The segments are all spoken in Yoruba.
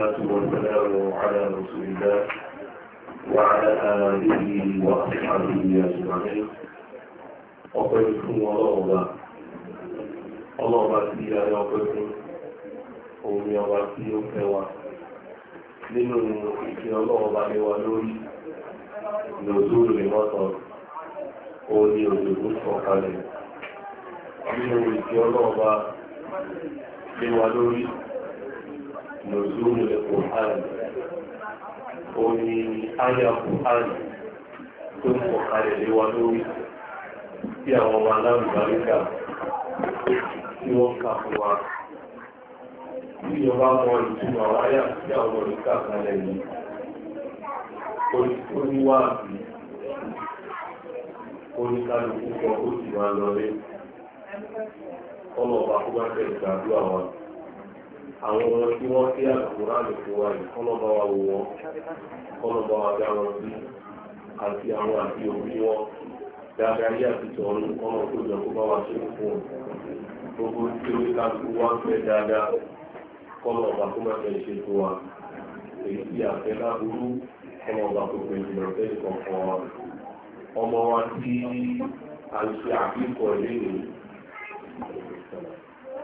والصلاة والسلام على رسول الله وعلى آله وأصحابه أجمعين أقلكم ورغبا الله باتي يا يقلكم òun ni ọba tí ó fẹ́ wa nínú ìfẹ́ ọlọ́ọba lé wa lórí lòdúró lè mọ́tọ̀ nùzúlù ìkùhán ó ní àyà kùhán tó ń kọ̀kalẹ̀ lé wa lórí tí àwọn ọmọ aláàbùbáríkà tí wọ́n kà fún wa tí ìjọba mọ ìtumọ̀ àwọn àyà tí àwọn olùkà kalẹ̀ yìí ó ní wá àbí ó ní kálukú kan ó sì máa lọlé ọlọ́ọ̀bá kó bá fẹ́ ìgbàdúrà wa. àwọn ọmọ tí wọ́n sí àkùrá nìkan wa yìí kọlọ wa wò wọ́n bawa wa dá wọn sí àti àwọn àti òbí wọn dáadáa yé àtijọ́ ọ̀run kọ́nà tó jọ wa ṣe fún un gbogbo tí ó ká tó wá ń fẹ́ dáadáa kọ́nà ọba wa èyí àfẹ́ láburú kọ́nà ọba tó lọ fẹ́ kọ̀ọ̀kan wa a ń ṣe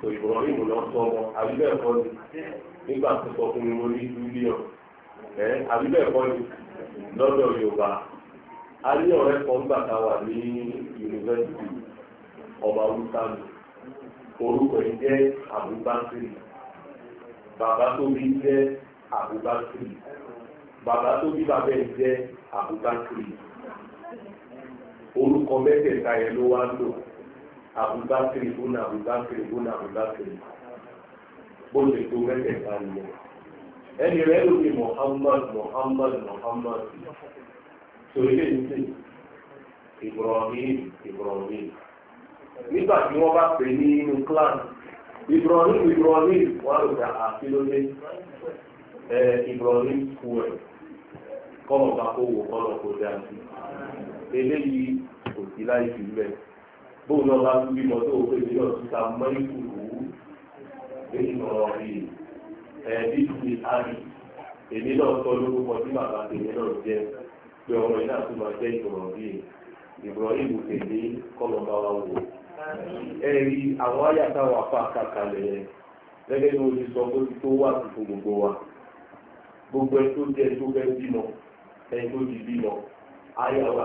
kò ìbọ̀rọ̀ ìmù lọ sọ wọn àbíbẹ̀ ẹ̀kọ́ ni nígbà tó sọ fún mi mo rí mílíọ̀n ẹ̀ àbíbẹ̀ ẹ̀kọ́ ni lọ́dọ̀ Yorùbá a ní ọ̀rẹ́ kan gbà tá a wà ní yunifásitì ọba wúsàmù orúkọ yìí jẹ́ Abubakar bàbá tó bí jẹ́ Abubakar bàbá tó bí bàbá ẹ̀ jẹ́ Abubakar orúkọ mẹ́tẹ̀ẹ̀ta yẹn ló wá lò abubakiri buna abubakiri buna abubakiri bó ṣe tó mẹ́tẹ̀ẹ̀ta nìyẹn ẹni rẹ̀ ló ní Muhammad Muhammad Muhammad tó ilé nílé Ibrahim Ibrahim nígbà tí wọ́n bá pè ní inú clan Ibrahim Ibrahim wọ́n á lò dá àfilóde ẹ Ibrahim fuel kọ́mọ̀ bá kó wò kọ́lọ̀ kó dáa sí eléyìí kò sí láì fi bẹ́ẹ̀. bóun ọba bá tún bímọ tó o pé ta nínú ọ̀rọ̀ yìí ẹ̀ẹ́dí ti àrí èmi náà sọ lórúkọ tí bàbá tèmi náà jẹ pé ọmọ yìí náà máa yìí yìí tèmi bá wa wò. àwọn gbogbo wa gbogbo ẹ tó jẹ tó fẹ́ bímọ ẹ tó ti bímọ àyà wà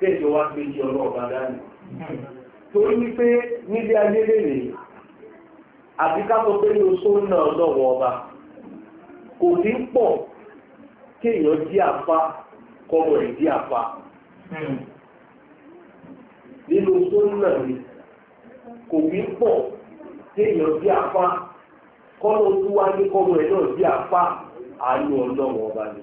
tẹ́jọ hmm. wá pé jí ọlọ́ ọ̀bá dání torí wípé nílé ayé lèrè àti ní oṣó náà lọ́wọ́ ọba kò ní pọ̀ kéèyàn jí kọrọ kọmọ ìdí àfa hmm. nínú oṣó náà ni kò ní pọ̀ kéèyàn jí àfa kọ́mọ tó wá ẹ̀ náà ọba ni.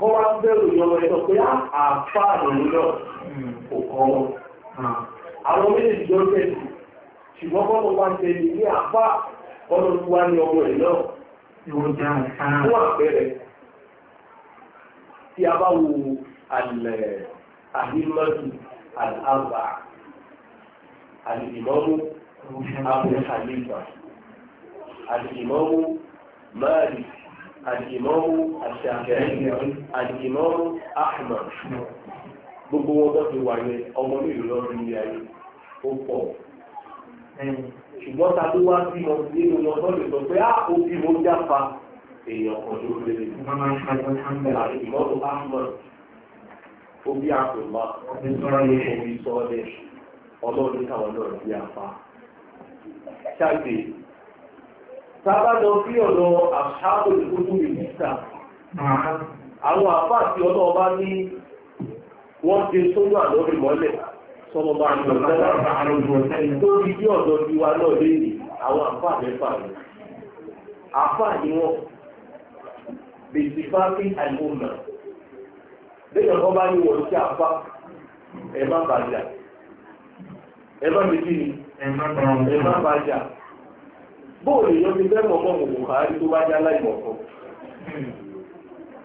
kọ́ wá ń bẹ̀rù ìjọba ẹ̀sọ́ pé àfà àrùn náà kò kọ́ wọn. Ah, àwọn méjèèjì ló tẹ̀sí ṣùgbọ́n kọ́ ló wá ń tẹ̀lé ní àfà ọdún tó wá ní ọmọ ẹ̀ náà. Fún àpẹẹrẹ, tí a bá wo àlẹ́ àhímọ́tù الإمام الشافعي الإمام أحمد gbogbo wọn tó ti wà yẹn ọmọ mélòó lọ rí ilé ayé ó pọ̀ ṣùgbọ́n ta ló wá sí lọ nínú lọ tó lè sọ pé á ah, ó bí mo jáfa èèyàn kan ló lè lè ìmọ̀tò ahmed ó bí àpèmá òbí sọ́ọ́lẹ̀ ọlọ́run káwọn náà bí apá ṣáàgbé sábà lọ sí ọ̀dọ̀ àṣàbò ìkútù mínísítà àwọn àpá àti ọ̀dọ̀ ọba ní wọ́n ṣe sójú àlọ́bì mọ́lẹ̀ sọmọ bá ní ọ̀dọ̀ tó fi dí ọ̀dọ̀ ti wa náà léèrè àwọn àpá mẹ́fà rẹ̀ àpá ni wọ́n bèsì bá fi àìmọ̀nà lẹ́yìn ọkọ bá ní wọ́n sí àpá ẹ̀ má bàjá ẹ̀ má bèsì bàjá bóòlù èèyàn ti fẹ́ mọ̀mọ́ mọ̀ Buhari tó bá jẹ́ aláìmọ̀kan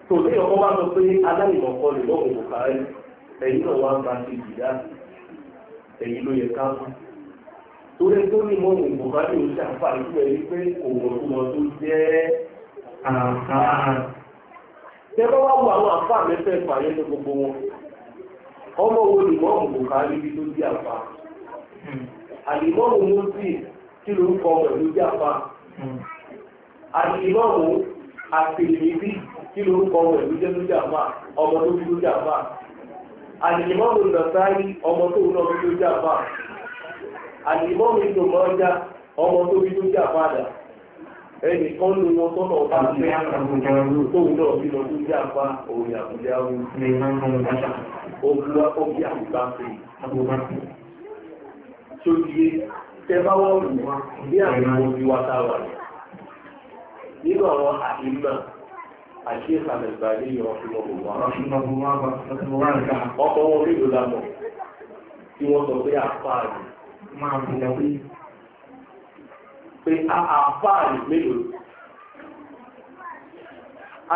tòlí ọkọ bá sọ pé aláìmọ̀kan lè mọ̀mọ́ Buhari ẹ̀yìn náà wá ń ba ti ìdá ẹ̀yìn ló yẹ ká mú torí tó ní mọ̀mọ́ Buhari ò ṣàǹfààní fún ẹni pé kò mọ̀ tó mọ̀ tó jẹ́ àǹfààní tẹ́lọ́ wá wo àwọn àǹfààní mẹ́fẹ́ fàyẹ́ ní gbogbo wọn ọmọ wo ni mọ̀mọ́ Buhari bí tó di àǹfààní àlìmọ́mù mú sí kí ló ń kọ pẹ̀lú jàpá hmm. àti ìmọ̀wò àtẹ̀lẹ́bí kí ló ń kọ pẹ̀lú jẹ́nu jàpá ọmọ tó dúró jàpá àti ìmọ̀wò ọmọ tó ń lọ dúró jàpá àti ìmọ̀wò ọjà ọmọ tó jàpá dà ẹnì kan ló wọn tọ́nà ọba jàpá òun àbújá òun tẹ́bá wọ́n lù wá bí àwọn ojú wa táwà rẹ̀. Nínú àwọn àìmọ̀ àti ìsàmẹ̀gbà ní ìyọ̀ ọ̀fìnmọ̀gbọ̀n. Ọkọ̀ wọn rí ìlú lámọ̀ tí wọ́n sọ pé àfáàrí. Máa bù lọ pé. Pé àfáàrí mélòó.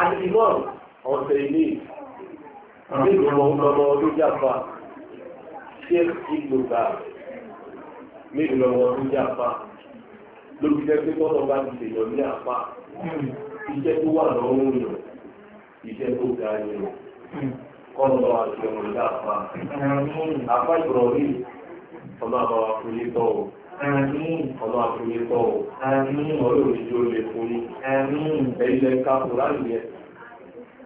Àdìmọ̀ ọ̀sẹ̀ ilé mélòó lọ́mọ ọdún jáfa. Ṣé ìgbògbà mélòó wọn ló jẹ́ apá lórí jẹ́ pé tọ́lọ́ bá ti lèyàn ní apá iṣẹ́ tó wà lọ́rùn yàn iṣẹ́ tó ga yàn kọ́lọ́ àti ọmọ ìlà apá apá ìrọ̀rí ọmọ àbáwá fún yé tọ́ o ọmọ àfúnyé tọ́ o ọlọ́run ìjọ lè fún ní ẹ̀yìn lẹ́ka kùránì yẹn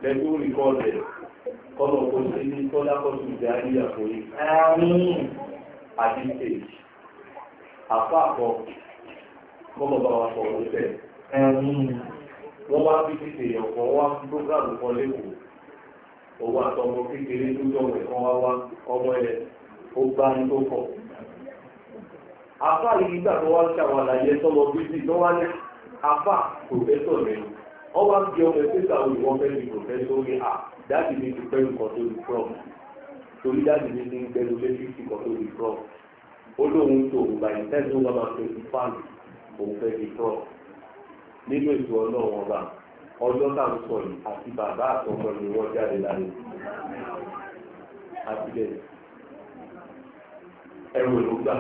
lẹ́gbẹ́ orí kọ́lẹ̀ kọ́lọ̀ kó sí ní kọ́lá kọ́sù ìjà ayé àfúnyé àti kejì àpá àpọ̀ kọ́mọ̀bá wa sọ wọ́n wá bí títí èèyàn kan wá program kan owó àtọmọ kékeré tó ẹ̀kan wá wá ọmọ ẹ̀ ó bá ní tó kọ̀. àpá yìí gbà tó wá ń ṣàwọn àlàyé sọmọ tó wá ní àpá rẹ̀ wá ń bí ọmọ fẹ́ à dáàbì mi ti pẹ́ olóhùn tó báyìí tẹ́sán wà máa twenty five òun fẹ́ di prọ nínú ètò ọlọ́run ọba ọjọ́ tá à ń sọ yìí àti bàbá àtọmọ ni wọ́n jáde láyé àti bẹ́ẹ̀ ẹ̀rù ló gbà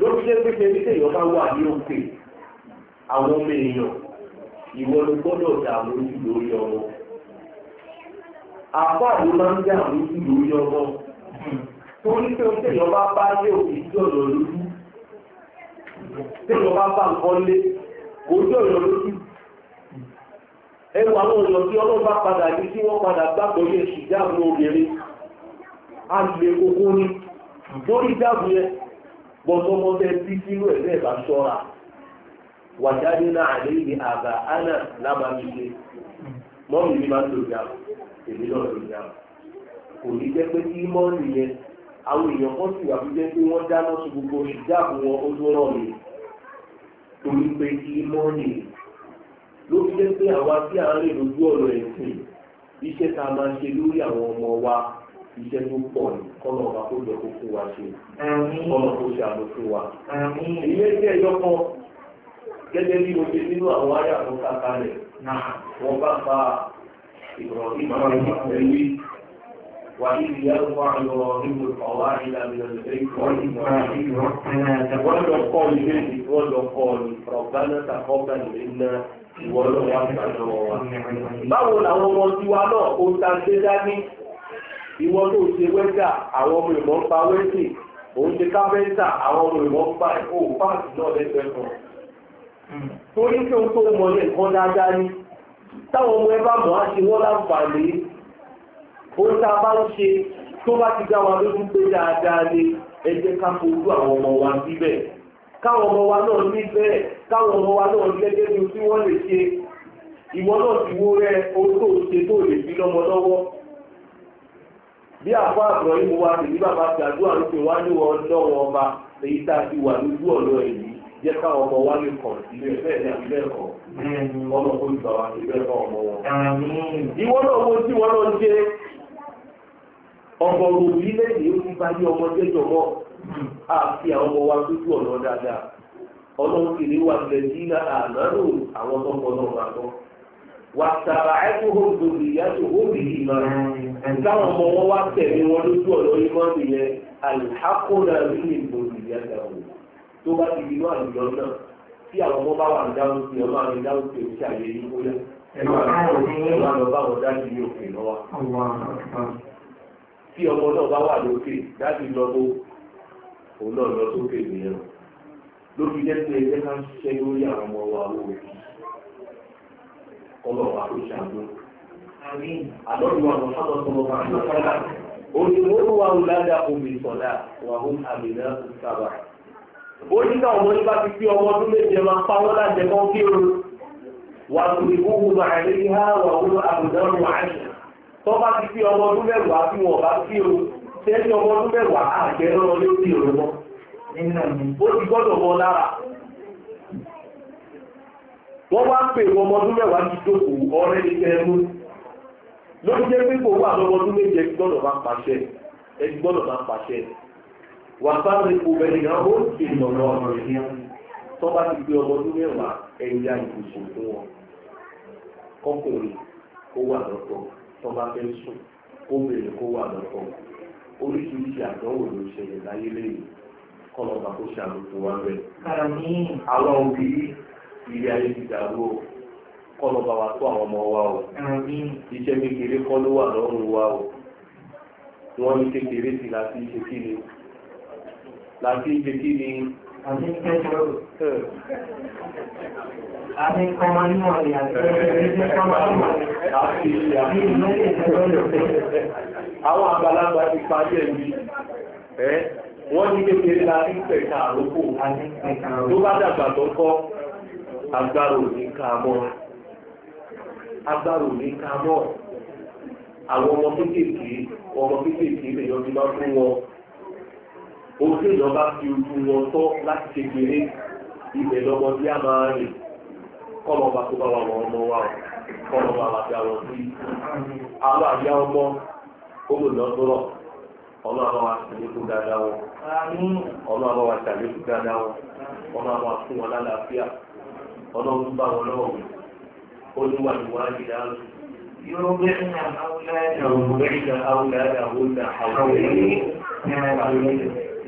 lórí jẹ́ pé bá wà ní òkè àwọn ọmọ èèyàn ìwọ ló torí pé o tẹ́yọ̀ bá bá lé òkìtí ọ̀nà lójú tẹ́yọ̀ bá bá nǹkan lé ojú ọ̀nà lójú ẹnu àwọn ọ̀nà tí ọlọ́run padà ní tí wọ́n padà gbàgbọ́ yẹ sì obìnrin lè kókó ní lórí bá ṣọ́ra náà àgbà ánà máa ń lò àwọn èèyàn kan sì wà tó jẹ́ pé wọ́n dáná sun gbogbo ṣùgbọ́n wọn ó tó rọ̀ mi torí pé kí mọ́ọ̀nì ló fi jẹ́ pé àwa tí à ń rìn lójú ọ̀rọ̀ ẹ̀sìn iṣẹ́ tá a máa ṣe lórí àwọn ọmọ wa iṣẹ́ tó pọ̀ ní kọ́nà ọba tó jọ kó fún wa ṣe kọ́nà tó ṣe àbò fún wa. ilé iṣẹ́ ẹ̀yọ́ kan gẹ́gẹ́ bí mo ṣe nínú àwọn ayé àtúntà kalẹ̀ wọ́n bá fa ìrọ̀lẹ́ ìmọ̀ràn وإذ يرفع إبراهيم القواعد من البيت وإسرائيل ربنا ولقد بيت ولقد ربنا تقبل منا ولقد báwo làwọn ọmọ tiwa náà ó ta ṣe dání ìwọ tó ṣe wẹ́tà àwọn ọmọ ìmọ̀ ń pa wẹ́tì òun ṣe káfẹ́ńtà àwọn ọmọ ìmọ̀ ń pa ẹ̀kọ́ páàkì náà lẹ́sẹ̀ kan torí pé o tó mọ ní nǹkan dáadáa ni táwọn ọmọ ẹ bá mọ̀ á ṣe wọ́n láǹfààní ohun tá a bá ń ṣe tó bá ti dá wa lójú pé dáadáa ni ẹ jẹ́ ká fojú àwọn ọmọ wa síbẹ̀ káwọn ọmọ wa náà nífẹ̀ẹ́ káwọn ọmọ wa náà gẹ́gẹ́ bí tí wọ́n lè ṣe ìwọ náà ti wó rẹ ohun tó ṣe tó lè fi lọ́mọ lọ́wọ́ bí àpá àbúrò yìí mo wá sí ní bàbá ti àdúrà ló fi wá ní wọn lọ́wọ́ ọba èyí tá a ti wà lójú ọ̀nà èyí jẹ́ káwọn ọmọ wa lè kàn sí ilé ẹ̀fẹ́ ọmọ kò ní bàbá ti bẹ́ẹ̀ kọ́ ọmọ wọn. ìwọ náà wo tí wọn náà ń ṣe ọmọ orílẹ̀-èdè ó ti parí ọmọ jẹ́jọ mọ́ àti àwọn ọmọ wa lójú ọ̀nà dáadáa ọlọ́run kìlí wà lẹ́yìn náà àmọ́rò àwọn ọmọ náà wà lọ. wà tààrà ẹ̀kọ́ òdòdó ìyájọ́ òbí ìmọ̀ táwọn ọmọ wọn wá tẹ̀lé wọn lójú ọ̀nà ìmọ̀ nìyẹn àlùhákọ́nà rí ìgbòdì ìyájọ́ tó bá ti bínú àlùjọ náà tí àwọn ọmọ bá wà ní dáhùn sí ọmọ àwọn ìdáhùn sí òṣìṣẹ́ àyè yìí kó yẹ. ẹ máa bá wọn dájú ní òfin lọ́wọ́. tí ọmọ náà bá wà lókè láti lọ́wọ́ òun náà lọ sókè nìyẹn lórí jẹ́pẹ́ ẹgbẹ́ ká ń ṣiṣẹ́ lórí àwọn ọmọ wa owó rẹ̀ ọmọ wa ló ṣàgbọ́n. àlọ́dún wa lọ́sọ́ tọmọ bá ń sọ́dá òṣèlú wa ń ládà omi sọ̀dá wà ó àmìnà sábà. ó ní ká ọmọ nípa ti fi ọmọ ọdún méje máa pa wọ́n o wà á tún rí ha wà ó àbùdá tó bá ti fi ọmọ ọdún mẹ́wàá bí wọn bá fi o tẹ́lẹ̀ ọmọ ọdún mẹ́wàá àgbẹ̀ lọ́rọ̀ lórí ìrò mọ́ ó ti gbọ́dọ̀ mọ́ lára wọ́n wá pè ọmọ ọdún mẹ́wàá ti jókòó ọ̀rẹ́ ní kẹrẹ́mú ló jẹ́ pé kò wà lọ́mọ ọdún méje gbọ́dọ̀ máa pàṣẹ ẹ gbọ́dọ̀ máa pàṣẹ wà sáré obìnrin náà ó ti lọ́rọ̀ ọ̀rọ̀ ìyá tó bá ti gbé ọmọ ọdún mẹ́wàá ẹ̀yà ìbùsùn fún wọn kọ́kùnrin kó wà lọ́tọ̀ọ́ tó bá fẹ́ sùn kó bèrè kó wà lọ́kọ̀ oríṣiríṣi àdánwò ló ṣẹlẹ̀ láyé lẹ́yìn kọlọ́ba kó ṣàlùkù wa rẹ̀. àwọn òbí ilé ayé ti dàrú o kọlọ́ba wa tó àwọn ọmọ wa o iṣẹ́ kékeré kọ́ ló wà lọ́rùn wa o wọ́n ní kékeré sí láti ṣe kí ni láti ṣe kí ni àti kẹ́kọ̀ọ́ àti kọmọ níwọ̀n rẹ̀ àti kọmọ níwọ̀n rẹ̀ àti ìlúmẹ́lẹ̀ ìtẹ́lọ́ ìrọ̀lẹ́ àwọn àgbàlagbà ti parí ẹ̀mí ẹ́ wọ́n ní kékeré la ní pẹ̀ka àrókò tó bá dàgbà tó kọ́ agbára òní kàmọ́ agbára òní kàmọ́ àwọn ọmọ kéékèèké ọmọ kéékèèké lèyàn ti máa fún wọn ojú ìjọba fi ojú wọn tọ́ láti ṣe gbèrè ibẹ̀ lọ́mọ bí a máa rìn kọ́mọ bá tó bá wà wọ́n ọmọ wa kọ́mọ bá wà bí àwọn sí àwọn àyà ọmọ olùdọ́tọ́rọ̀ ọmọ àwọn àṣàlékún dáadáa wọn ọmọ àwọn àṣàlékún dáadáa wọn ọmọ àwọn àfún wọn lálàáfíà ọlọ́run bá wọn lọ́wọ́ wí olúwa ìwádìí dáhùn. يرضعن أولادهن حولين من حولين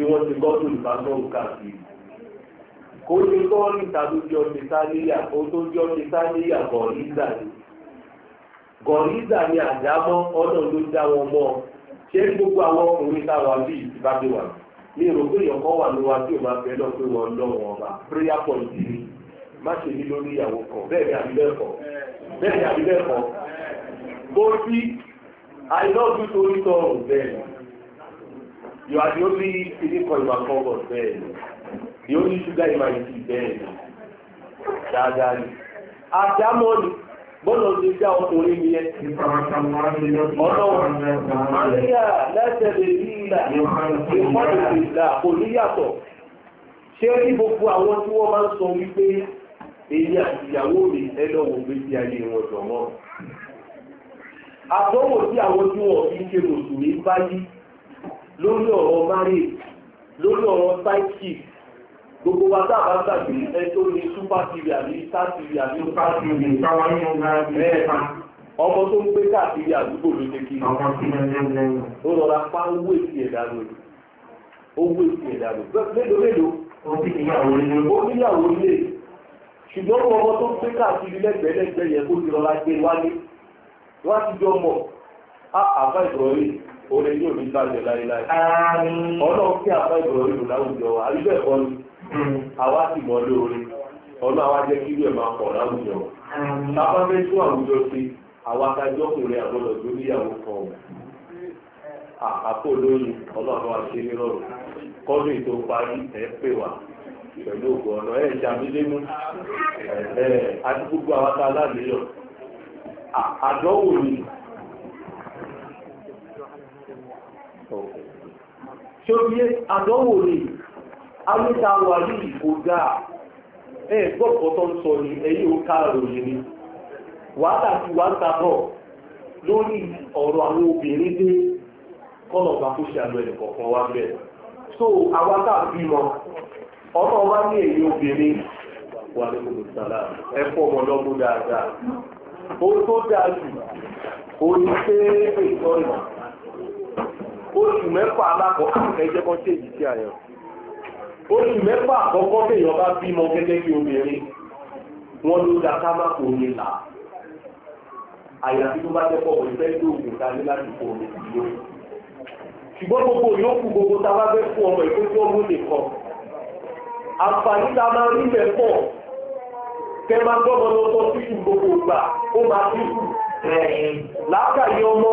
tí wọ́n ti kọ́ tó ìbágbọ́n káàkiri. kó ní kọ́ọ̀rì tàbí bí ọ̀sẹ̀ sáníyà kó tó bí ọ̀sẹ̀ sáníyà gọ̀ọ́lídà ni. gọ̀ọ́lídà ni àdámọ́ ọ̀nà ló dá wọn mọ́ ṣé gbogbo àwọn ọkùnrin táwa bí ìbábí wà ní ìrògbé ìyọ̀kọ́ wà ló wa tí ò máa fẹ́ lọ pé wọ́n lọ wọn ọba prayer point ni má ṣe ní lórí ìyàwó kan bẹ́ẹ̀ ni àbí bẹ́ẹ̀ kọ́ bẹ́ẹ̀ ni àbí bẹ́ẹ̀ kọ́ bó sí àìlọ́dún torí tọrùn bẹ́ẹ̀ You are the only physical for my comfort bẹ́ẹ̀ The only sugar in my tea bẹ́ẹ̀ ni. Dáadáa ni. Àdámọ́ ni. Bọ́lọ̀ ṣe sí àwọn ọkùnrin mi yẹn. Ọ̀nà Màríà lẹ́sẹ̀ lè rí ìlà. Ìfọ́nìtì ìlà kò níyàtọ̀. Ṣé ní gbogbo àwọn tí wọ́n máa ń sọ wípé èyí àti ìyàwó mi ẹlọ́wọ̀ gbé sí ayé wọn jọ̀mọ́. Àtọ́wò tí àwọn tí wọ́n fi ṣe mùsùlùmí bá yí lórí ọ̀rọ̀ marriage lórí ọ̀rọ̀ gbogbo wa tá ẹ tó ní super àbí star àbí super ní ọmọ tó ń gbé káàkiri àdúgbò ló ṣe kí ó rọra pa ẹ̀dá lò ẹ̀dá ọmọ tó ń gbé káàkiri lẹ́gbẹ̀ẹ́ lẹ́gbẹ̀ẹ́ yẹn kó ti rọra gbé wálé ti jọ mọ̀ ah, orin yóò ní gbàgbé láéláé ọlọ́run kí àbá ìbọ̀rọ̀ ìlú láwùjọ wa àríbẹ̀ kọ́ ni hmm. àwa sì mọ lóore ọlọ́run àwa jẹ́ kí ìlú ẹ̀ máa pọ̀ láwùjọ wa bàbá fẹ́ tún àwùjọ sí àwa kájọ́ kùnrin àgbọ̀dọ̀ tó níyàwó kan o àkàkọ́ olóyún ọlọ́run àṣẹ nírọ̀rùn kọ́dún ètò parí ẹ̀ pè wá pẹ̀lú ògùn ọ̀nà ẹ̀ jàmílẹ́mú ẹ̀ àti gbogbo àwọn tá a láàlẹ́yọ̀ àdánwò ni tó bí àdánwò ni wà ní ìgbòdá ẹ̀ gbọ́pọ̀ tó ń sọ ní ẹ̀yìn òkà ròyìn ni wàhálà ti wà ń lórí ọ̀rọ̀ àwọn obìnrin dé kó wá so ọmọ ní èyí obìnrin wà ní olùsàlá ẹ fọ́ ọmọ lọ́gbọ́n dáadáa ó tó oṣù mẹ́fà alákọ̀ọ́kọ́ ẹjẹ́ kan ṣe ìdíkí àyàn oṣù mẹ́fà àkọ́kọ́ téèyàn bá bímọ gẹ́gẹ́ bí obìnrin wọn ló da ká má kò ní là àyàfi tó bá jẹ́ pọ̀ pẹ̀lú fẹ́ẹ́ lóògùn ta ní láti kò ní ìlú ṣùgbọ́n gbogbo yòókù gbogbo ta bá fẹ́ fún ọmọ ìkókó ọmọ nìkan àǹfààní ta máa rí mẹ́fọ̀ kẹ́ máa gbọ́dọ̀ lọ sọ sí gbogbo ìgbà ó máa dínkù láàkàyè ọmọ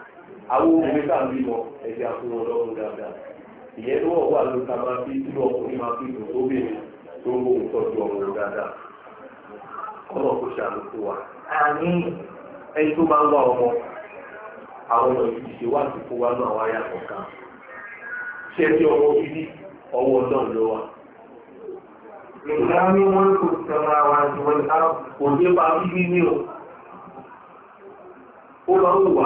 àwọn obìnrin tá à ń bímọ ẹ̀jẹ̀ àfihàn ọlọ́run dáadáa ìyẹn ló wọ̀ wà ló máa fi tí ọkùnrin máa fi dùn tó tó ń ń tọ́jú ọmọ dáadáa ọmọ kò ṣàlùkù wa. àní ẹni tó ń wá ọmọ àwọn ọmọ yìí ṣe wá ṣé ọmọ ọwọ́ náà lọ ìlànà kò o. ó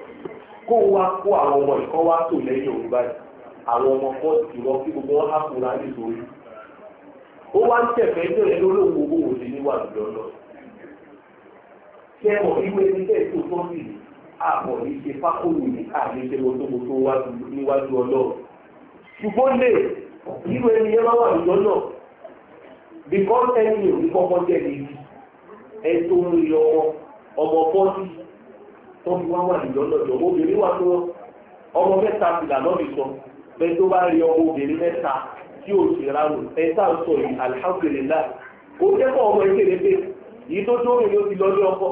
kó wá kó àwọn ọmọ ìkọ́ wá tò lẹ́yìn òun báyìí àwọn ọmọ kan ti wọ́n kí gbogbo wọn á fura nítorí ó wá ń tẹ̀fẹ́ ní ẹ̀rọ olóògùn owó òde níwà lọ́lọ́ ṣé mọ̀ ìwé ní bẹ́ẹ̀ tó tọ́ sí ni àbọ̀ ní ṣe fákòlù ní àdéṣe lọ tó tó níwájú ọlọ́run ṣùgbọ́n lè irú ẹni yẹn máa wà lọ́jọ́ náà bíkọ́ ẹni ò ní kọ́kọ́ jẹ́ ní ẹni tó ń rí ọmọ ọmọ pọ́ńtì tó fi wá wà nìjọ lọ́jọ́ obìnrin wà tó ọmọ mẹ́ta fìlà lọ́bì sọ pé tó bá rí ọmọ obìnrin mẹ́ta tí ò sì ra rùn ẹ tá à sọ yìí alhamdulillah ó kẹ́kọ̀ọ́ ọmọ ìkéde pé yìí tó tó ti lọ́jọ́ ọkọ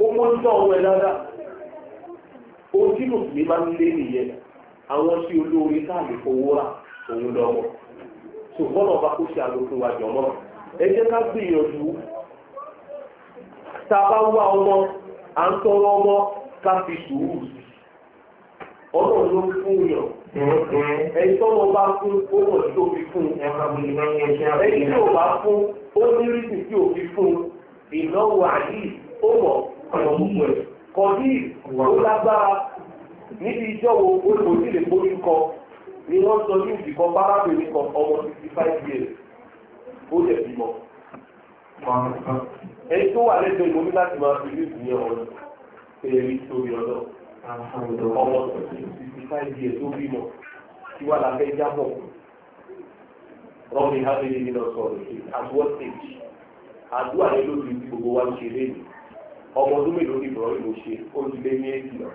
ó mú ní ẹ dáadáa tí mùsùlùmí máa ń lé nìyẹn àwọn tí olóore rà òun lọ́wọ́ ṣùgbọ́n ọba ṣe àlòkù wa jọ̀mọ́ ẹ jẹ́ ká káfí sùúrù ọlọ́run ló fún yàn ẹni tó lọ bá fún ó mọ̀ sí òbí fún ẹni tí ò bá fún ó ní rísì tí òbí fún ìnáwó àyè ó mọ̀ ọ̀nà púpọ̀ ẹ̀ kọ̀dí ó lágbára níbi ìjọ́wọ́ olùkọ́sí lè gbóyún kọ ni wọ́n sọ ní ìdìkọ́ bárábìnrin kan ọmọ sixty five years ó dẹ̀ bímọ. ẹni tó wà lẹ́gbẹ̀ẹ́ ìmọ̀ ní láti máa fi ní ìdíyẹ ọ̀rọ̀ ẹ̀rí torí ọlọ́ ọmọ sixty-five years tó bímọ tí wà lábẹ́ jábọ̀ rọ́ọ̀mì hábìlì nínú sọ̀rọ̀ ṣe àgbọ̀tẹ̀jì àdúrà yẹn ló fi gbogbo wa ń ṣe lẹ́yìn ọmọ ọdún mélòó ni ìbọ̀rọ̀ ìlú ṣe ó ti lé ní èjì lọ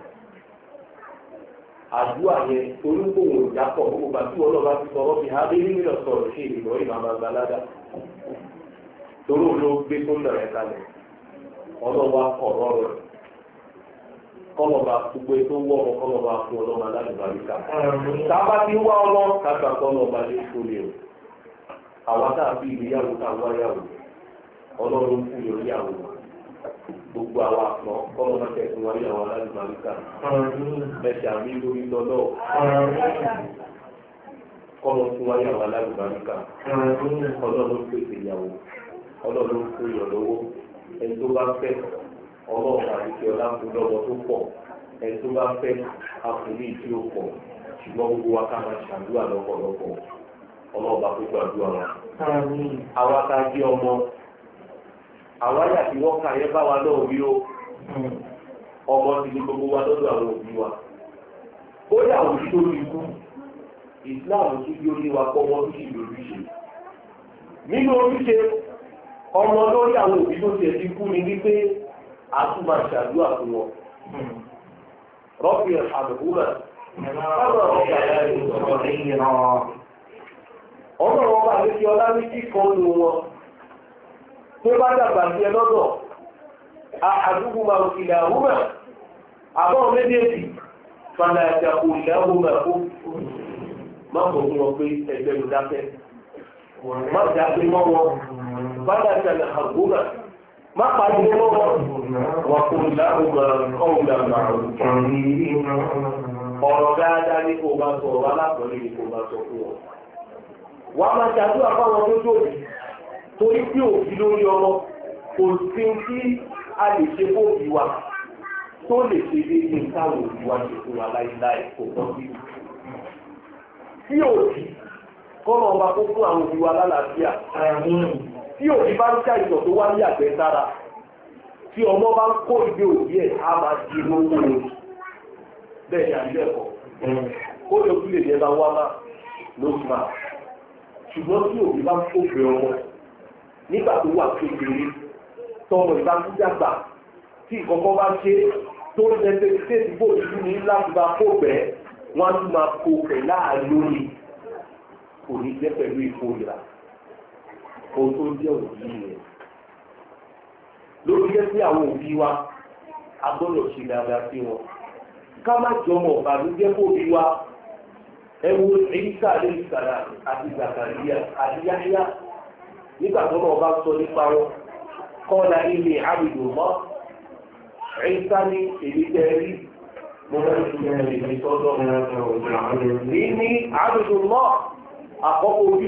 àdúrà yẹn olúkòwò ìyàpọ̀ ògbà tí wọn náà bá ti sọ rọ́ọ̀mì hábìlì nínú sọ̀rọ̀ ṣe ìbọ̀rọ̀ ìlú àmàgbàládà torí òun ló gbé tó ń lọ rẹ̀ kalẹ̀ ọlọ́wà ọ̀rọ̀ rẹ̀ kọlọba gbogbo ètò wọ ọmọ kọlọba fún ọlọmọ aládùbáríkà sábà tí wá ọlọ kàgbà kọlọba lè sórí o àwọn tá a fi ìgbéyàwó tá a wá yàwó ọlọ́run fún yóò yàwó gbogbo àwọn àpọ̀ kọlọba tẹ̀sán wáyé àwọn aládùbáríkà mẹsà mi lórí lọ́dọ̀ kọlọ fún wáyé àwọn aládùbáríkà ọlọ́run pèsè ìyàwó ọlọ́run fún yọ̀ lọ́wọ́ ẹni tó bá fẹ́ ọlọ́run àdúgbò ọlá fún tó pọ̀ ẹni tó bá fẹ́ àfúnní tí ó pọ̀ ṣùgbọ́n gbogbo wa ká máa ṣàdúrà lọ́pọ̀lọpọ̀ ọlọ́ọ̀bá tó gbàdúrà wa. àwa ọmọ àwa yà wọ́n bá wa ọmọ ti ní gbogbo wa lọ́dọ̀ àwọn òbí wa. ó yà ní wa kọ́ ni wípé a tún máa ṣàdúrà fún wọn. rọ́bì àbùkúmà sábà ọ̀gá ẹ̀rọ ìṣọ̀rọ̀ yìí rán. ọ̀nà wọn bá ní kí ọlá ní kíkọ́ nu wọn tó bá dàgbà sí ẹ lọ́dọ̀ àdúgbòmà òkìlà àwùmà àbọ̀ méjèèjì fana àjàkù ìlà àwùmà kó má kò fún wọn pé ẹgbẹ́ mi dákẹ́ má dákẹ́ mọ́ wọn bá dàgbà àwùmà má pàdé lọ́wọ́ wà kò láwùmọ̀ ọ̀gbà màrùn ọ̀rọ̀ dáadáa ní kò bá sọ ọ̀rọ̀ alákọ̀ọ́lẹ̀ ní kò bá sọ fún ọ. wà á máa ṣàdúrà fáwọn tó jòdì torí tí òbí lórí ọmọ kò sí tí a lè ṣe fóòbí wa tó lè ṣe déédéé táwọn òbí wa ṣe fún wa láìláì kò bọ́ sí. tí òbí kọ́nà ọba kó fún àwọn òbí wa lálàáfíà tí òbí bá ń ká ìtọ̀ tó wá ní àgbẹ̀ sára tí ọmọ bá ń kó ìgbé òbí ẹ̀ á máa di lówó ni bẹ́ẹ̀ ni àbí ẹ̀kọ́ kó lè kú lè yẹn bá wá má ló máa ṣùgbọ́n tí òbí bá ń kó ìgbé ọmọ nígbà tó wà kékeré tọmọ ìbá tó dàgbà tí ìkọ̀kọ́ bá ṣe tó ń lẹ́sẹ̀ tí èdìbò ìlú ní láti bá kó bẹ́ẹ̀ wọ́n á tún máa kó bẹ̀ láàárín lórí kò ní jẹ́ pẹ̀lú ìkórira. ohun tó ń jẹ́ òbí rẹ̀ lórí jẹ́ sí àwọn òbí wa a gbọ́dọ̀ ṣe dáadáa sí wọn ká má jọmọ̀ bàlújẹ́ wa lè sàrà àti Zakariya àti Yahya nígbà tó náà bá sọ nípa wọn kọ́lá ilé mọ́ ní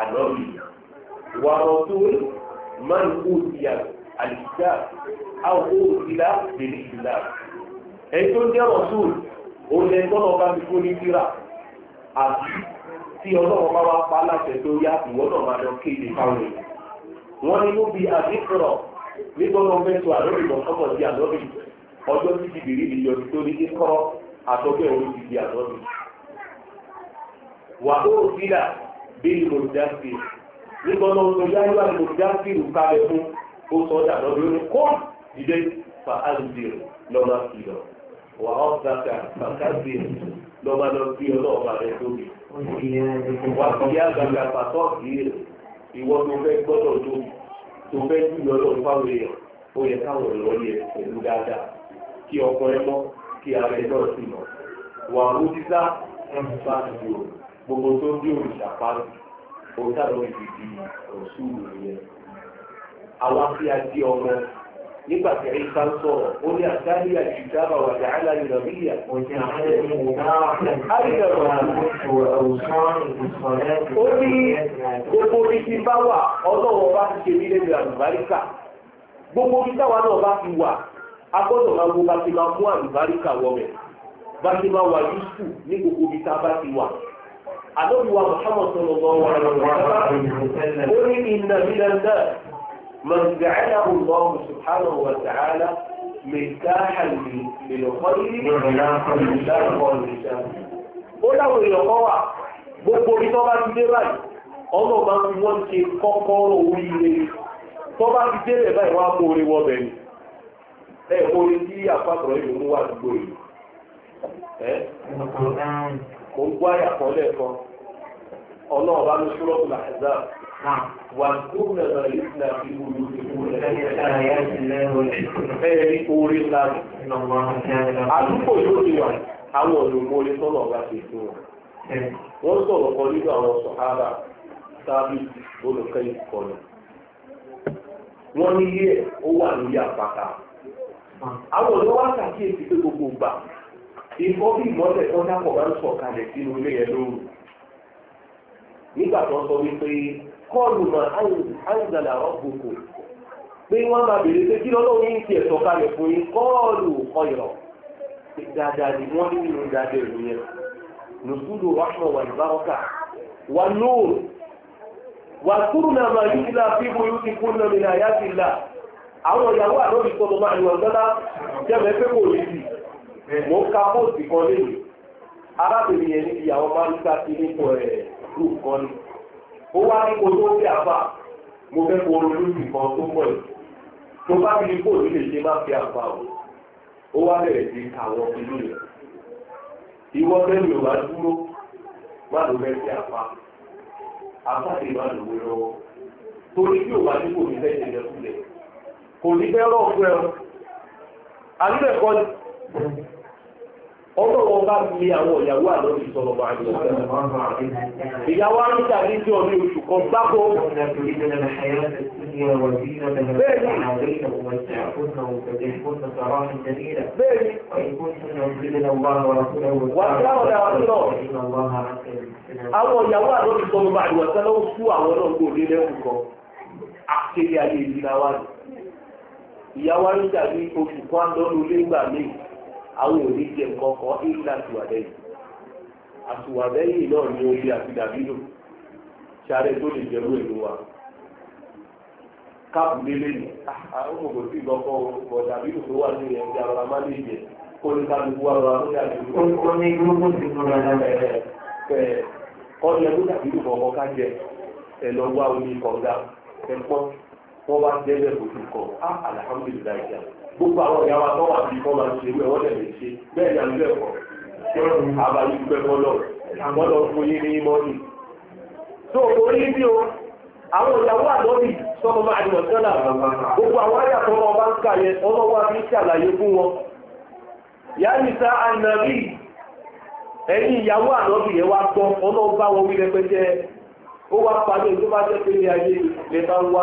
ànọ́bì wàrọ̀ tó máa ń kó ìyá àlìjá àwọn òṣìlá lèlè ìlà ẹni tó jẹ́ rọ̀tún òun ẹni tọ́lọ́ bá fi kó ní síra àbí tí ọlọ́run bá wá pa aláṣẹ tó yá ìwọ náà máa lọ kéde fáwọn èèyàn wọ́n ní ló bi àdékùrọ̀ nígbọ́nà mẹ́tò àlọ́bì lọ́kọ́mọ̀ sí àlọ́bì ọjọ́ tí bèrè bíi mọ̀dáfì nígbà náà ó yá yóò àti mọ̀dáfì kalẹ̀ fún ó sọ ọ́ dàgbà lórí kó dìde fa alùdì lọ́mà kìlọ̀ wà ọ́ sàkà fàkàbì lọ́mà lọ bí ọlọ́ọ̀bà rẹ̀ tóbi wà kí á gàgà pàtó yìí ìwọ tó fẹ́ gbọ́dọ̀ tóbi tó fẹ́ jùlọ lọ́dún fáwọn èèyàn ó yẹ káwọn èèyàn yẹ pẹ̀lú dáadáa kí ọkùnrin mọ́ kí ara ẹ̀ náà sì mọ́ wà ó dísá gbogbo tó ń bí òrìṣà parí òrìṣà lọ fi di òṣù yẹn àwa tí a di ọmọ nígbà tí ẹ̀yìn kan sọ̀rọ̀ ó ní àtàrí àjùdábà wà ní aláìlọ níyà òjì àárẹ̀ ó ní gbogbo orí ti bá wà ọlọ́wọ́ bá ti ṣe nílé ìlú àlùbáríkà gbogbo orí táwa náà bá ti wà a gbọ́dọ̀ máa wo bá ti máa mú àlùbáríkà wọ̀ bẹ̀ bá ti máa wà yusuf ní gbogbo orí tá a bá ti wà àlọ́bùwà Muhammad sallallahu alaihi wa sallam ó ní inna minan nas man ja'alahu Allah subhanahu wa ta'ala mìtáhà lèlọ́kọ́ yìí lọ́kọ́ nìṣẹ́. ó dáwọn èèyàn kan wà gbogbo orí tó ọmọ wọ́n ṣe orí ilé tó bá ti dé orí wọ́n orí àpapọ̀ ìlú wà mo ń gbọ́ àyàkọ́ lẹ́ẹ̀kan ọlọ́run bá ní ṣúrọ́ọ̀tù làkàzá wà gómìnà náà yìí ti náà ụlọ wúlò orí ńlá rẹ̀ àdúgbò yóò ti wà àwọn tọ́nà ọ̀gá ti wọn. wọ́n sọ̀rọ̀ kan nínú àwọn sọ̀hárà sábì olùkọ́ ìkọlù wọ́n ní yé ó wà lórí àpáta ikọ́ bí ìmọ́lẹ̀ tó dápọ̀ máa ń sọ̀kalẹ̀ sínú ilé yẹn lóru nígbà tó sọ wípé kọ́ọ̀lù mà áńgàlà ọ̀gbùnkù pé wọ́n máa bèrè pé kí lọ́lọ́run yín tiẹ̀ sọ̀kalẹ̀ fún yín kọ́ọ̀lù ọ̀yọ̀ dáadáa ni wọ́n ní nínú dáadáa ìlú yẹn nùsùlù rahman wà ìbáraka wà nóòrù wà kúrú náà máa yí sílá bí mo yóò ti kú náà àwọn ìyàwó àlọ́ Eh, mo ń ka bóòsì kan léyìn arábìnrin yẹn níbi àwọn mánúkà ti nípò eh, ẹ̀ ni ó wá ní kó tó mo fẹ́ kó tó pọ̀ yìí tó bá fi ní kó lè ṣe má fi o ó wá bẹ̀rẹ̀ sí àwọn ìlú rẹ̀ ìwọ fẹ́mi ò bá dúró má ló fẹ́ ti má lọ́wọ́ torí bí ò bá fẹ́ ọlọ́wọ́ bá mi àwọn ìyàwó àlọ́bí sọ̀rọ̀ bá àjọ ìyàwó àríkà ní tí ọdún oṣù kan gbáko àwọn ìyàwó àlọ́bí sọ̀rọ̀ bá àjọ sẹ́lẹ̀ ń fún àwọn náà gbòdé lẹ́kùn kan àkéde ayé ìlú náà wà ìyàwó àríkà ní oṣù kan lọ́nà olé gbà àwọn òní jẹ nǹkan kan ìgbà àtùwàdẹ́yìn àtùwàdẹ́yìn náà ni orí àti dàbídò ṣàrẹ tó lè jẹrú èlò wa káàpù lélẹ ni àwọn ah, ah, òkò sí gbọkọ ọkọ dàbídò tó wà ní ẹgbẹ ara má lè jẹ kó ní kálukú wa lọ àwọn ìyàgbé. ó ní gbogbo ti mú ra lálẹ́. kọ́ ni ẹgbẹ́ dàbídò kọ̀ọ̀kan ká jẹ ẹ lọ wá omi kọ̀ọ̀dà ẹ pọ́n wọ́n bá jẹ́ bẹ́ẹ̀ kò tún kọ̀ ah, á alhamdulilayi jẹ́ àwọn. gbogbo àwọn ìyá wa tó wà bí kọ́ máa ń wọ́n lẹ̀ lè bẹ́ẹ̀ ni àmì lẹ́kọ̀ọ́ àbáyé dúpẹ́ bọ́lọ̀ bọ́lọ̀ fún yín ní mọ́nì. tó o rí bí o àwọn ìyàwó àlọ́bì máa dìbò sọ́là gbogbo àwọn àyà tó bá ń kà ṣàlàyé fún wọn. ẹ̀yìn ìyàwó wá gbọ́ bá wọn wí rẹpẹtẹ ó wá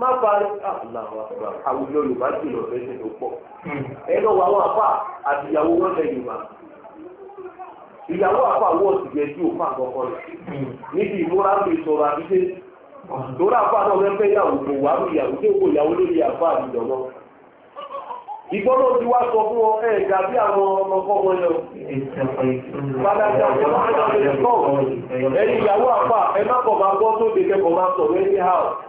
má parí àbùlàwà àwùjọ yorùbá jùlọ fẹsẹ̀ tó pọ̀ hmm. ẹnu wà wọn àti ìyàwó wọn lẹ yorùbá ìyàwó àfà wọ ọsìgbẹ tí òfà kọkàn rẹ hmm. níbi ìmúra fi sọ̀rọ̀ àbíṣe hmm. lórí àfà náà fẹfẹ yàwó kò wá bí ìyàwó tó kó ìyàwó lórí àfà àbíjọ náà ìgbọ́dọ̀ ti wá sọ fún ọ ẹ̀ dàbí àwọn ọmọkọ́mọ yẹn padàjà tó wọ́n ń lọ sí ẹ̀kọ́ ẹ̀yìn ìyàwó àfà ẹ̀ má kọ̀ máa gbọ́ tó dé kẹ́kọ̀ọ́ máa sọ̀rọ̀ ẹ̀yìn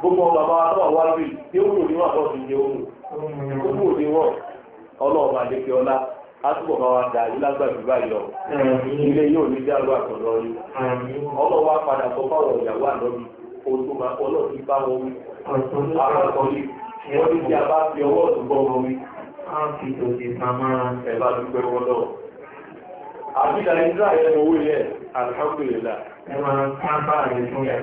gbogbo bàbá wa tọ́wà wá rí tí ó wù níwọ̀n àbọ̀ tún jẹ òun ó wù níwọ̀n ọlọ́ọ̀bà àdékè ọlá àtúbọ̀ bá wa dà yìí lágbàdùn báyìí lọ ilé yóò ní dáró àtọ̀lọ́ yìí ọlọ́wà padà sọ fáwọn ìyàwó àlọ́bí olùmọ̀ ọlọ́ọ̀bí bá wọn wí àwọn ọkọ̀ yìí wọ́n ní kí a bá fi ọwọ́ ọ̀tún bọ́ wọn wí ẹ̀bá dúpẹ́ wọn lọ. àbíkà ìdílé àyẹ̀wò ilẹ̀ alhamdulillah. ẹ̀wọ̀n kábàárẹ̀ fún ẹ̀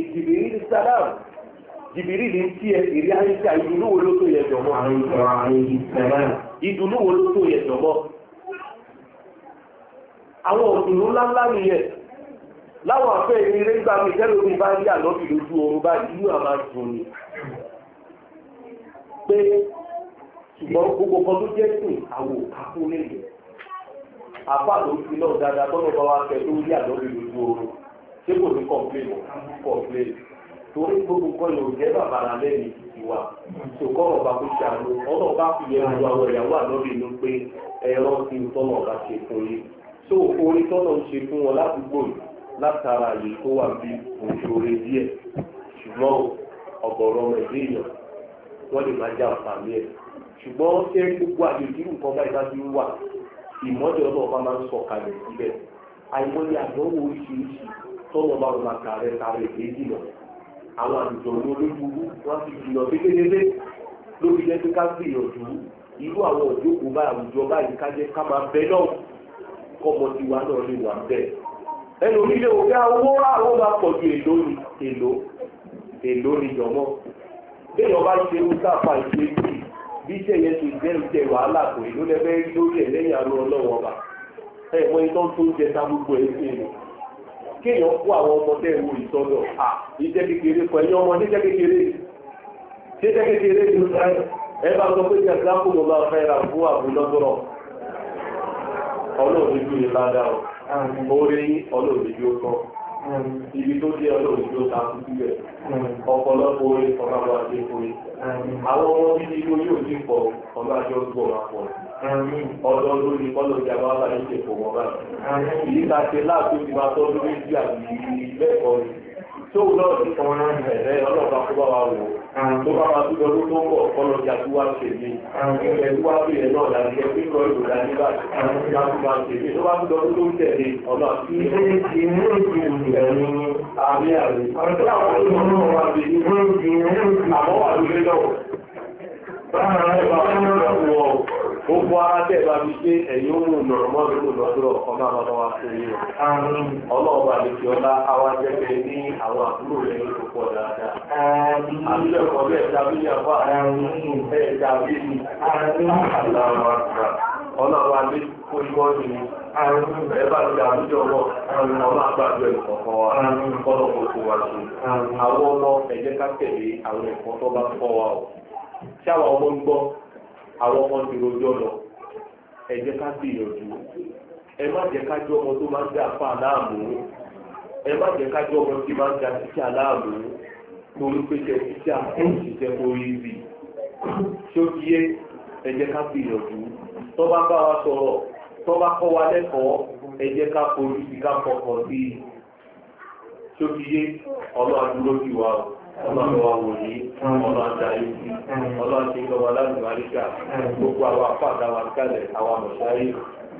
ìjìbìrì ní sàdáàmù a, ní tí ẹ ìrí àyíká ìdùnnú wo ló tó yẹ jọmọ́ ìdùnnú wo ló tó yẹ jọmọ́ àwọn òdùnnú ńláńlá nìyẹn láwọn afẹ́ ìrere gbà mí tẹ́lẹ̀ omi bá rí àlọ́bì lójú oorun bá inú àmà dùn ni pé ṣùgbọ́n gbogbo kan tó jẹ́ sùn àwò kákún nílẹ̀ dáadáa tọ́lọ́ bá ṣé kò ní complain o complain torí gbogbo nǹkan ló jẹ́ bàbá ara lẹ́yìn ìwà ṣòkọ́ ọba kò ṣàánú ọ̀nà ọba fi yẹ gbogbo àwọn ìyàwó àlọ́bì inú pé ẹ̀rọ ti ń tọ́nà ọba ṣe fún yín so orí tọ́nà ń ṣe fún wọn ládùúgbò látara yìí tó wà bí òṣèré díẹ̀ ṣùgbọ́n ọ̀gọ̀rọ̀ ọmọ ìdí èèyàn wọ́n lè máa já àǹfààní ẹ̀ ṣùgbọ́n ṣé gbogbo àjòjì nǹkan bá ìdájú wà ìmọ́jọ́ náà bá máa ń sọ síbẹ̀ àìmọye àdánwò oríṣiríṣi tọ́wọ́ bá wọn kà rẹ̀ kà rẹ̀ kéjì lọ. Àwọn àjùjọ ní olójúwú wọ́n ti jìnà kékeré lórí jẹ́ pé ká gbìyànjú irú àwọn òjókòó bá àwùjọ báyìí bẹ náà náà lè wà bẹ́ẹ̀. Ẹnu mi lè wò pé owó àwọn pọ̀ ju èlò ni èlò èlò ni ṣe sáfà ìṣe bí iṣẹ́ yẹn ti jẹ́ wàhálà kò èlò lẹ́fẹ́ lórí ẹ̀ lẹ́yìn ọlọ́wọ́ ọba. kéèyàn kó àwọn ọmọdé wo ìtọ́jọ́ à ìjẹ́ kékeré fún ẹ̀yìn ọmọ níjẹ́ kékeré níjẹ́ kékeré ní ẹ bá sọ pé jẹ́ sáàpù ló bá fẹ́ ra fún àbúlọ́gbọ̀rọ̀ ọlọ́ọ̀dẹ́ ju lè ládà o orí ọlọ́ọ̀dẹ́ ju ọkọ ibi tó dé ọlọ́ọ̀dẹ́ ju ọta fún síbẹ̀ ọ̀pọ̀lọpọ̀ orí ọ̀pọ̀lọpọ̀ àti ìkórè àwọn ọmọ bíbí ọlọ́run ní kọ́lọ̀ ìjàmbá wa ní ṣe fòmọ́ báyìí. Ìyí ta ṣe láàbò ti máa tọ́jú méjì àbí lẹ́kọ̀ọ́ ni. Tó náà ti kàn án ẹ̀rẹ́ ọlọ́pàá tó bá wa wò. Tó bá wa tó lọ́dún tó ń bọ̀ kọ́lọ̀ ìjà tó wá ṣe mí. Ìgbẹ́ tó wá bìrẹ̀ náà láti ẹ̀ pín ìlú láti bá ṣe mí. Tó bá tó lọ́dún tó ń tẹ̀lé ọ̀nà gbogbo ara bẹ́ẹ̀ bá mi gbé ẹ̀yìn òun nọ̀rọ̀mọ́ mi kò lọ́dọ̀ ọ̀kan wa o. ọlọ́ọ̀bà lè fi ọlá àwa jẹ́kẹ́ ní àwọn àbúrò rẹ̀ ní kókó dáadáa. àbúrò ẹ̀kọ́ bẹ́ẹ̀ dábí ní àbá ẹ̀ dábí ní àlàmà ọlọ́ọ̀bà lè kó ikọ́ àwọn ọmọ ti rojọ́ lọ ẹ jẹ́ ká gbìyànjú ẹ má jẹ́ ká jọ́ ọmọ tó máa ń dá apá aláàmú ẹ má jẹ́ ká jọ́ ọmọ tí máa ń dá títí aláàmú torí pé jẹ́ títí àkóńtì jẹ́ orí rí ṣó kí yé ẹ jẹ́ ká gbìyànjú tó bá bá wa sọ̀rọ̀ tó bá kọ́ wa lẹ́kọ̀ọ́ ẹ jẹ́ ká forí sí ká fọkàn sí i ṣó kí yé ọlọ́ àdúró sí wa o ọlọ́wọ́ wòye ọlọ́darí ọlọ́dí lọ́wọ́ lálùbáríkà gbogbo àwọn apáta wa kálẹ̀ àwọn àmọ̀sáyé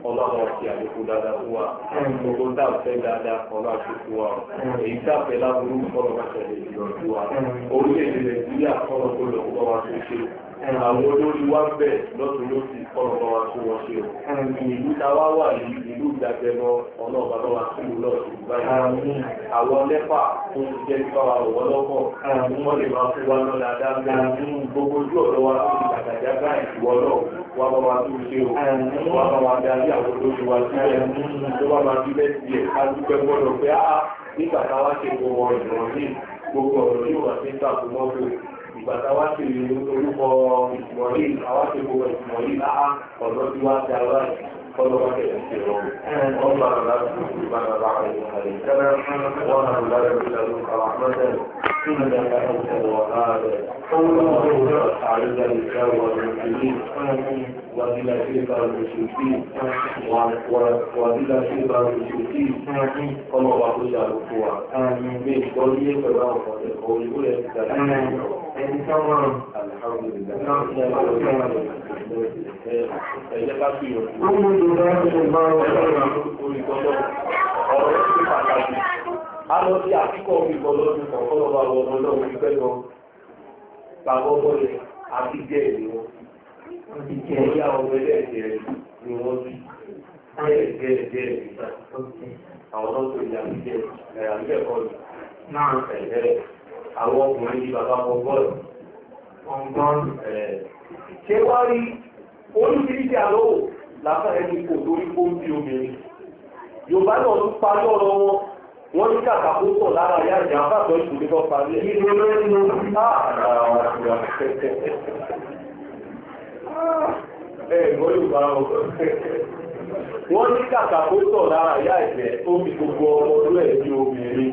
ọlọ́wọ́ ti àlékún dáadáa fún wa gbogbo dáàfẹ́ dáadáa ọlọ́ àṣekú wa èyí dáàfẹ́ láburú ọlọ́mọṣẹ́lẹ̀ ìlọ́jú wa orílẹ̀-èdè nàìjíríà ọlọ́gbọ́lọ́ àwọn olórí wá bẹ̀ lọ́tún ló ti kọ́rọ̀ bá wa tó wọn ṣe o. ìlú ta wá wà ní ìlú ìdájẹ́bọ ọ̀nà ọ̀bá bá wa sí ìlú lọ́sùn báyìí. àwọn lẹ́fà tó ti jẹ́ nípa wa lọ́wọ́ lọ́pọ̀ wọ́n lè máa fún wa lọ́la dáadáa. gbogbo ojú ọ̀dọ́ wa tó ti gbàgbàjá báyìí wọ́ lọ wá bá wa ṣe o. wá bá wa darí àwọn olórí wa sílẹ̀ tó bá máa fi bẹ́ẹ̀ tiẹ̀ dúpẹ́ gbọ́dọ̀ pé á nígbà táwa ṣe gbogbo ọ̀rọ̀ yìí gbogbo ọ̀rọ̀ yìí wà sí ìtàkùn mọ́tò ìgbàta wá sí orúkọ ìsmọ̀lì àwọn tí gbogbo ìsmọ̀lì láà ọ̀dọ́ tí wá sí ara فضل كثيرون والله لا سبحان بعد الكلام وانا لا يبلغ رحمة إنك أنت الوهاب اللهم أعز الإسلام والمسلمين وإلى فيك المشركين وإلى فيك المشركين كما بعد القوة من قولي فلا أقول قولي ẹni tó rọrùn. ó na ìdúró ẹ̀sìn bá ọ̀rọ̀ ọ̀rọ̀ sí pàtàkì. a lọ sí àkíkọ̀ ìbọn lọ́dún kan kọ́ lọ́wọ́ ọmọ náà wípé gan. bàbá ọmọ rẹ̀ àti jẹ́ ìlú wọn. ìjẹ́ ìyá ọmọ ẹlẹ́ẹ̀dẹ̀ ni wọ́n ti. ẹ̀ẹ́dẹ̀ ẹ̀ẹ́dẹ̀ ìgbà. àwọn ọmọ tó yà ń àwọn ọkùnrin ní bàbá wọn bọ́ọ̀lù ọ̀gbọ́n ṣé wá rí oríṣiríṣi àlọ́ láfẹ́ ẹni kò lórí kó ń bí obìnrin yorùbá náà tún parí ọ̀rọ̀ wọn wọ́n ní kàkà kó pọ̀ lára ìyá ìjà àbájọ ìṣòro kan parí ẹ̀. ìlú lórí ló ń bá àrà wọn wọ́n ní kàkà kó pọ̀ lára ìyá ìjẹ́ ó fi gbogbo ọmọ ẹ̀ bí obìnrin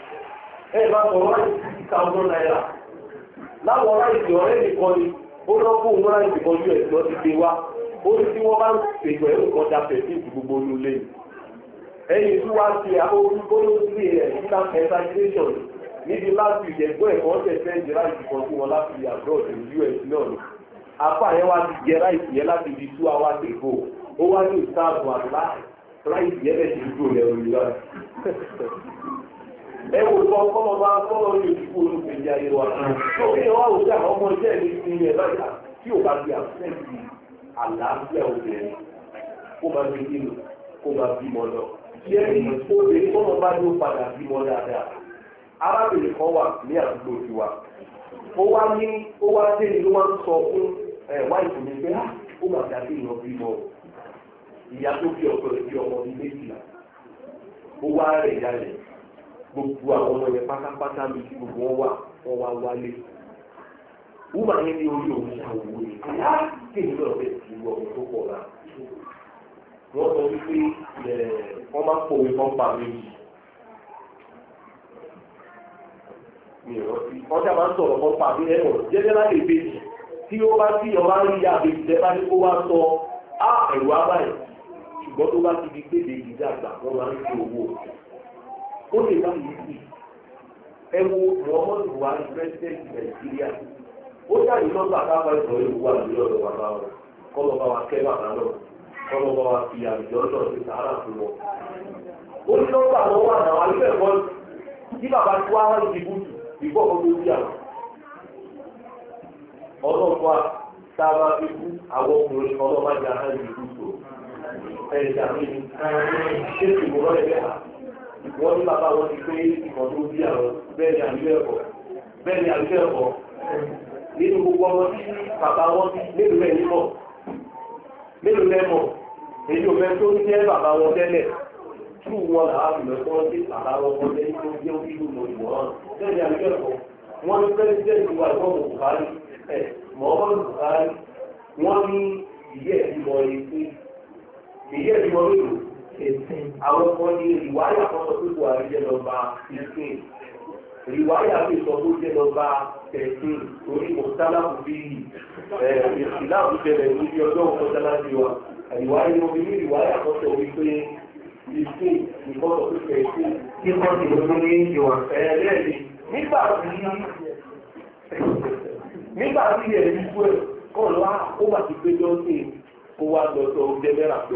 ẹ bá sọ wọ́n six naira láwọn nìkan ni ó lọ fún òun ráìsì us lọ ti gbé wá ó ní wọ́n bá ń pèsè ẹ̀rù kan gbogbo olú ẹ̀yìn tí wàá ṣe àwọn olùgbòlóṣìlè ẹ̀ nígbà ẹ̀sàgídéṣọ̀n níbi láti ìjẹ̀gbọ́ ẹ̀kọ́ us ẹwù tó ọkọ́mọ bá kọ́mọ ní òṣìkò olùgbèjì ayé wa tó kí wọ́n wò sí àwọn ọmọ ẹgbẹ́ ní ilẹ̀ báyà tí ò bá fi àfẹ́sì àlàáfíà obìnrin kó bá fi kí lò kó bá bímọ lọ. yẹ́nì obìnrin kọ́mọ bá ló padà bímọ dáadáa arábìnrin kan wà wa ó wá ní ó wá ló máa ń sọ fún pé ah, ó ọkọ gbogbo àwọn ọmọ yẹn pátápátá mi tí gbogbo wọn wà wọn wá wálé wúmà yẹn ní orí òun ṣàwòrán yìí kéèyàn náà bẹ ti wọ ọmọ tó pọ̀ la wọ́n sọ wípé wọ́n máa ń pòwe pọ́ńpà méjì mi ò rántí wọ́n sábà ń sọ̀rọ̀ pọ́ńpà mi ẹ̀ wọ̀n jẹ́jẹ́rá lè bèjì tí ó bá sí ọba ń ya bèjì tẹ́ bá ní kó wá sọ ah, á ẹ̀rù abáyé ṣùgbọ́n tó bá ti di pé dàgbà wọ́n máa ń fi owó òkè ó lè má yìí sí ẹ wo Muhammadu Buhari president Nàìjíríà ó dàbí nọ́mbà káfà ìbọn yóò wà lórí ọ̀dọ̀ bàbá wọn wa kẹ́ bàbá náà kọ́ wa fi àjọ náà ti sàárà fún wọn. ó ní nọ́mbà àwọn wà náà wà nígbà ẹ̀kọ́ tí bàbá tí wàá hàn ìdìbò jù ìbọ̀ kan tó bí àwọn. ọlọ́run wa tá a máa fi kú àwọn ọkùnrin ọlọ́run má jẹ́ àhán ìdìbò tó ẹ̀ẹ́dà mi ṣé ìwúrọ̀ ẹ̀dẹ́ wọ́n ní bàbá wọn ti pé ìkọ̀ tó bí àwọn bẹ́ẹ̀ ni àlùfẹ́ ọ̀kọ̀ bẹ́ẹ̀ ni àlùfẹ́ ọ̀kọ̀ nínú gbogbo ọmọ tí bàbá wọn ti mélòó lẹ́ nímọ̀ mélòó lẹ́ mọ̀ èyí ò mẹ́tò ń jẹ́ bàbá wọn tẹ́lẹ̀ tú wọn làá lùmọ̀ kọ́ sí bàbá wọn kan lẹ́yìn tó jẹ́ òbí lùmọ̀ ìmọ̀ hàn bẹ́ẹ̀ ni wọ́n ní pẹ́ẹ́sìdẹ́ntì ẹ̀sìn àwọn ọmọ ní ìwáyà kan sọ pé buhari jẹ́ lọ́ba ìsìn ìwáyà mi sọ pé ó jẹ́ lọ́ba ẹ̀sìn orí mọ̀tálàmù bí ìsìláàmù bẹ̀rẹ̀ lórí ọjọ́ mọ̀tálàmù wa ìwáyà mi ní ìwáyà kan sọ wípé ìsìn nìkan sọ pé ẹ̀sìn kíkọ́ sí lórí ní ìwà ẹ̀ẹ́dẹ́gbẹ̀ nígbà tí nígbà tí ẹ̀rí kú ẹ̀ kọ́ lọ́wọ́ ó bá ti péjọ́ sí i kó wá lọ sọ ó jẹ́ mẹ́rà pé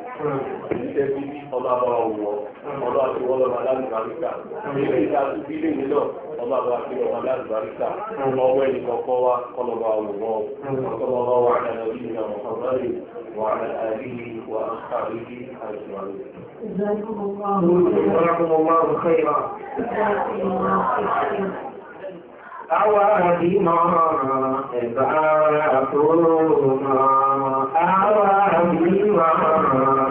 ìṣẹ́ bí ọba bá wọ̀ ọba àti wọ́n lọ́wọ́ aláàlùbáríkà ilé ìta àti ilé ìwé náà ọba bá fi lọ́wọ́ aláàlùbáríkà ọwọ́ ẹni kọ̀ọ̀kọ́ wa kọlọ́ba àwòrán ọ̀tọ́lọ́ wa wà ní ọdún ìlànà ọ̀sánlẹ̀ wà á àríyí wà á sàríyí àìsàn جزاكم الله خيرا Àwa àdìmọ̀ ẹ̀bá àtòrò mọ̀, àwa àdìmọ̀